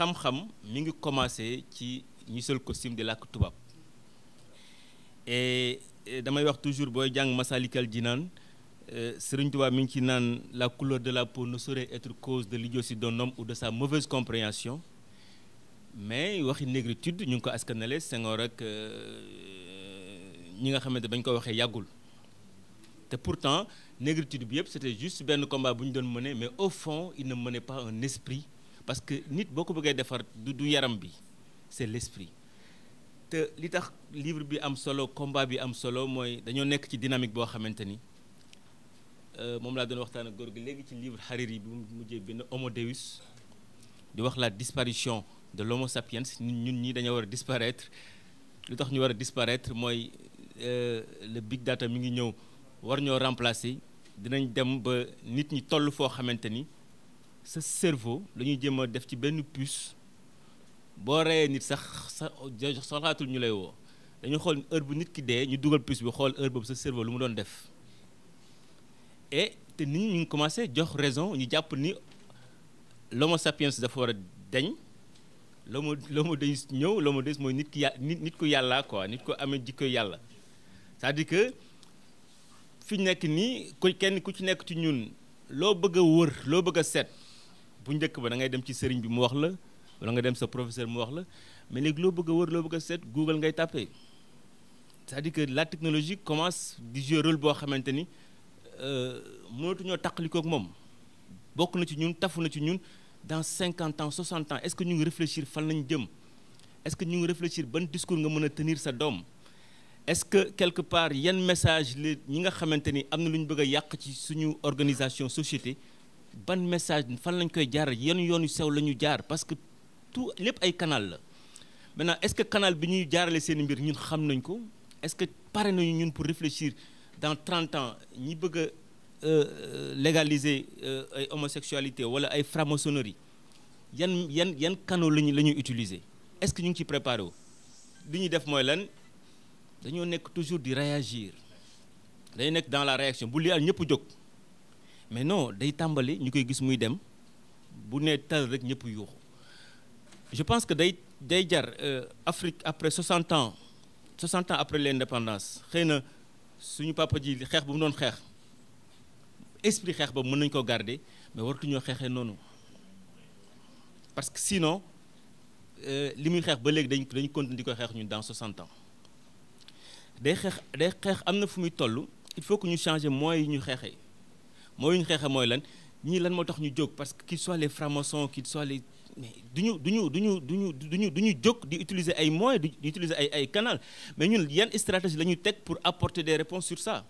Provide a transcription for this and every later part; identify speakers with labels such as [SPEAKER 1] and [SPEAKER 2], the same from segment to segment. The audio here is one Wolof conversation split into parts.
[SPEAKER 1] xam-xam mi ngi commencé ci ñu sol costume di làkk tubaab et damay wax toujours booy jàng Masalikal Jinaan euh, Sëriñ Tuubaa mu ngi ci naan la couleur de la peau ne saurait être cause de l'idiotie d'un homme ou de sa mauvaise compréhension mais waxi négritude ñu ngi ko askanale sengoo rek euh, ñi nga xamante bañ ko waxee yàggul te pourtant négritude bi yëpp c'était juste benn combat bu ñu doon mené mais au fond il ne menait pas un esprit parce que nit boo ko bëggee defar du du yaram bi c'est l'esprit te li tax livre bi am solo combat bi am solo mooy dañoo nekk ci dynamique boo xamante ni euh, moom laa doon waxtaan ak góor gi léegi ci livre Hariri bi mu mujjee benn Homo Deus di wax la disparition de l'Homo sapiens ñun ñi dañoo war a disparaître lu tax ñu war a disparaître mooy euh, le big data mi ngi ñëw war ñoo remplacer dinañ dem ba nit ñi toll foo xamante ni. sa cerveau la ñuy jéem a def ci benn puce boo reyee nit sax sa soxlaatul ñu lay woo dañu xool heure bu nit ki dee ñu dugal puce bi xool heure boobu sa cerveau lu mu doon def et te nit ñi ñu ngi commencé jox raison ñu jàpp ni l'homo sapiens dafa war a deñ l'homo l'homo deus ñëw l'homo deus mooy nit ki yà nit nit ko yàlla quoi nit ko amee jikko yàlla c'est-à-dire que fi nekk nii ku kenn ku ci nekk ci ñun loo bëgg a wër loo bëgg a set bu njëkk ba da ngay dem ci sëriñ bi mu wax la wala nga dem sa professeur mu wax la mais léegi loo bëgg a wër loo bëgg a seet Google ngay tapé cest di dire que la technologie commence di jouer rôle boo xamante ni euh, mënatuñoo taqalikook moom bokk na ci ñun tafu na ci ñun dans 50 ans 60 ans est-ce que ñu ngi réfléchir fan lañu jëm est-ce que ñu ngi réfléchir ban discours nga mën a tenir sa doom est-ce que quelque part yan message la ñi nga xamante ni am na lu ñu bëgg a yàq ci suñu organisation société ban message fan lañ koy jaar yan yoon yu sew la ñu jaar parce que tout lépp ay canal la maintenant est-ce que canal bi ñuy jaarale seen mbir ñun xam nañ ko est-ce que pare nañu ñun pour réfléchir dans trente ans ñi bëgg a euh, légaliser euh, ay homosexualité wala ay franc-maçonnerie yan yan yan canaux lañu la ñuy utiliser est-ce que ñu ngi ci préparé wu li ñuy def mooy lan dañoo nekk toujours di réagir dañu nekk dans la réaction bu lii al ñëpp jóg mais non day tàmbali ñu koy gis muy dem bu nee tal rek ñëpp yuuxu je pense que day day jar euh, Afrique après 60 ans 60 ans après indépendance xëy na suñu papa ji xeex bu mu doon xeex esprit xeex boobu mën nañu ko garder mais waratuñoo xeexee noonu parce que sinon euh, li muy xeex ba léegi dañ dañu continuer di ko xeex ñun dans 60 ans day xeex day xeex am na fu muy toll il faut que ñu changer mois yi ñu xeexee. mooy ñu xeexe mooy lan ñii lan moo tax ñu jóg parce que qu'ils soient les francs-maçons qu'ils soient les mais duñu duñu du ñu duñu duñu jóg di utiliser ay moyens di utiliser ay ay canal mais ñun yan stratégie la ñu teg pour apporter des réponses sur ça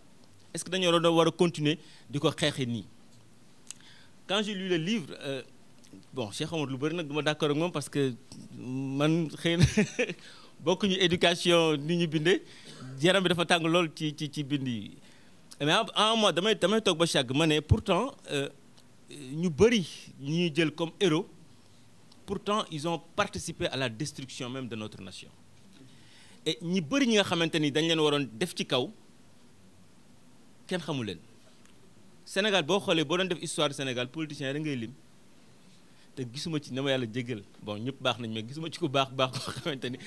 [SPEAKER 1] est-ce que dañoo doon war a continuer di ko xeexe nii quand j'ai lu le livre euh, bon Cheikh Omar lu bëri nag du ma d'accord ak moom parce que man xëy na bokkuñu éducation ni ñu bindee yaram bi dafa tàng lool ci ci ci bind yi mais en moi damay damay toog ba chàgg ma ne pourtant euh, ñu bëri ñuy jël comme héros pourtant ils ont participer à la destruction même de notre nation ñi bëri ñi nga xamante ni dañ leen waroon def ci kaw kenn xamu leen Sénégal boo xoolee boo doon def histoire Sénégal politicien rek ngay lim te gisuma ci na ma yàlla jégal bon ñëpp baax nañ mais gisuma ci ku baax baax koo xamante ni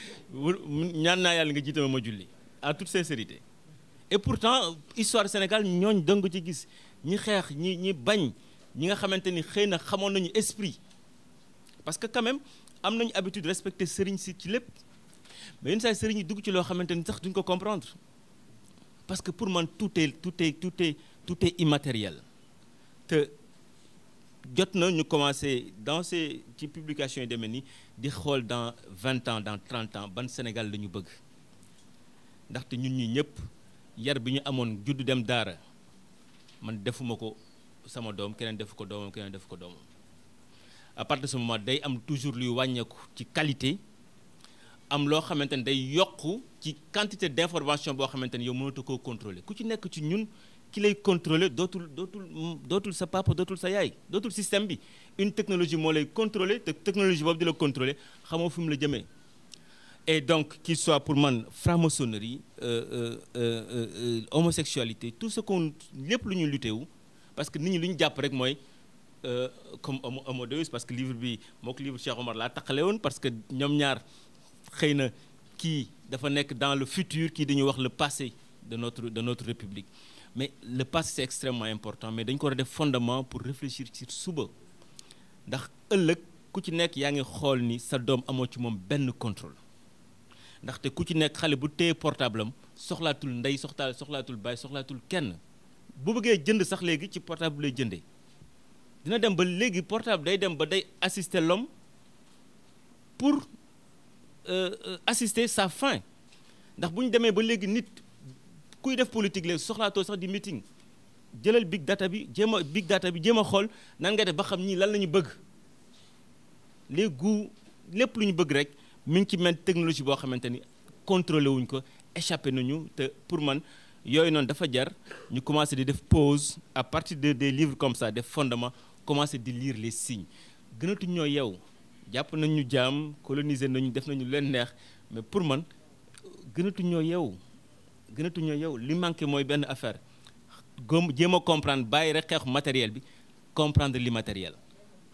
[SPEAKER 1] ñaan naa yàlla nga jiitama ma julli à toute sincérité et pourtant histoire Sénégal ñooñ dëng ci gis ñi xeex ñi ñi bañ ñi nga xamante ni xëy na xamoon nañu esprit parce que quand am nañu habitude respecter sëriñ si ci lépp mais yenn saa sëriñ yi dugg ci loo xamante ni sax duñ ko comprendre parce que pour man tout est tout est tout est tout est immatériel te jot na ñu commencé dans ces ci publication yi demee ni di xool dans vingt ans dans trente ans ban Sénégal la ñu bëgg ndaxte ñun ñi ñëpp yar bi ñu amoon juddu dem daara man defuma ko sama doom keneen def ko doomam keneen def ko doomam à partir de ce day am toujours luy wàññeeku ci qualité am loo xamante ne day yokk ci quantité d'information boo xamante ne yow mënatu koo contrôler ku ci nekk ci ñun ki lay contrôler dootul dootul dootul sa papa dootul sa yaay dootul système bi une technologie moo lay contrôler te technologie boobu di la contrôler xamoo fi mu la jëmee et donc qu'il soit pour man franc-maçonnerie euh, euh, euh, euh, euh homosexualité tout ce qu'on lépp lu ñu lutte wu parce que nit ñi lu ñu jàpp rek mooy comme homo deus parce que livre bi moo ko livre Cheikh Omar laa taqale woon parce que ñoom ñaar xëy na kii dafa nekk dans le futur kii dañuy wax le passé de notre de notre république mais le passé c'est extrêmement important mais dañ ko war a def fondement pour réfléchir ci suba ndax ëllëg ku ci nekk yaa ngi xool ni sa doom amoo ci moom benn contrôle ndaxte ku ci nekk xale bu téye portable soxlaatul ndey soxlaatul soxlaatul baay soxlaatul kenn bu bëggee jënd sax léegi ci bu lay jëndee dina dem ba léegi portable day dem ba day assister lom pour euh, euh, assister sa fin ndax bu ñu demee ba léegi nit kuy def politique léegi soxlaatoo sax di meeting jëlal big data bi jéem a big data bi jéem a xool nan nga ba xam ñii lan la ñu bëgg léegi lépp lu ñu bëgg rek. mi ngi ci mel technologie boo xamante ni contrôlé wuñ ko échappé nañu te pour man yooyu noonu dafa jar ñu commencé di def pause à partir de des livres comme ça des fondements commencé di liir les signes gënatuñ ñoo yow jàpp nañ ñu jaam coloniser nañu def nañu leen neex mais pour man gënatuñ ñoo yow gënatuñ ñoo li manqué mooy benn affaire gom jéem a comprendre bàyyi rek xeexu matériel bi comprendre li matériel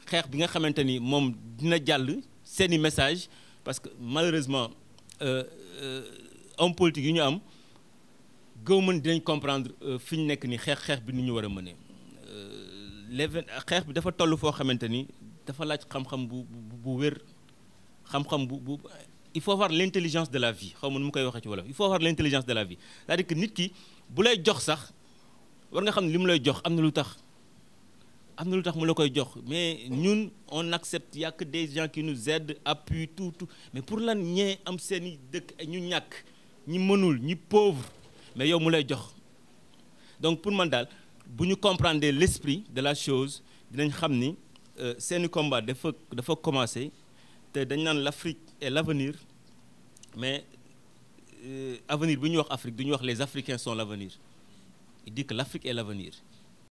[SPEAKER 1] xeex bi nga xamante ni moom dina jàll seeni message parce que malheureusement euh, euh, homme politique yu ñu am gëw mën dinañ comprendre euh, fi ñu nekk ni xeex xeex bi ni ñu war a mënee léegi xeex bi dafa toll foo xamante ni dafa laaj xam-xam bu bu wér xam-xam bu bu il faut avoir l'intelligence de la vie xaw ma nu mu koy waxee ci wolof il faut avoir l'intelligence de la vie cest dire que nit ki bu lay jox sax war nga xam ne li mu lay jox am na lu tax. am na lu tax mu la koy jox mais ñun on accepte y des gens qui nous aident appuient tout tout mais pour lan ñee am seen i dëkk ñu ñàkk ñi mënul ñi pauvre mais yow mu lay jox donc pour man daal bu ñu comprendre l'esprit de la chose dinañ xam ni euh, seeni combat dafa dafa commencer te dañ naan l'Afrique et l'avenir mais euh, avenir bi ñu wax Afrique du ñuy wax les Africains sont l'avenir il dit que l'Afrique est l'avenir